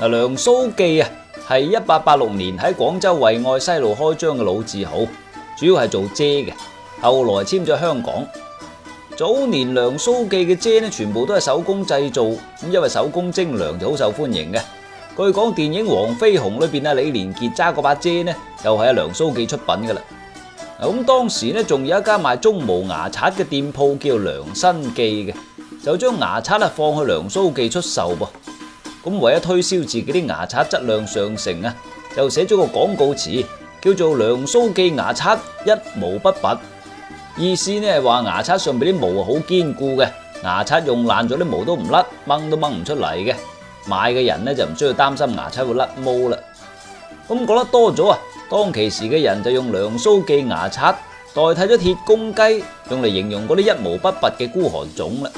嗱，梁蘇記啊，係一八八六年喺廣州惠愛西路開張嘅老字號，主要係做遮嘅。後來遷咗香港。早年梁蘇記嘅遮咧，全部都係手工製造，咁因為手工精良就好受歡迎嘅。據講，電影《黃飛鴻》裏邊啊，李連杰揸嗰把遮咧，又係阿梁蘇記出品噶啦。咁當時咧，仲有一間賣鬃毛牙刷嘅店鋪叫梁新記嘅，就將牙刷啊放去梁蘇記出售噃。咁為咗推銷自己啲牙刷質量上乘啊，就寫咗個廣告詞，叫做梁蘇記牙刷一毛不拔。意思呢係話牙刷上邊啲毛好堅固嘅，牙刷用爛咗啲毛都唔甩，掹都掹唔出嚟嘅。買嘅人呢就唔需要擔心牙刷會甩毛啦。咁講得多咗啊，當其時嘅人就用梁蘇記牙刷代替咗鐵公雞，用嚟形容嗰啲一毛不拔嘅孤寒種啦。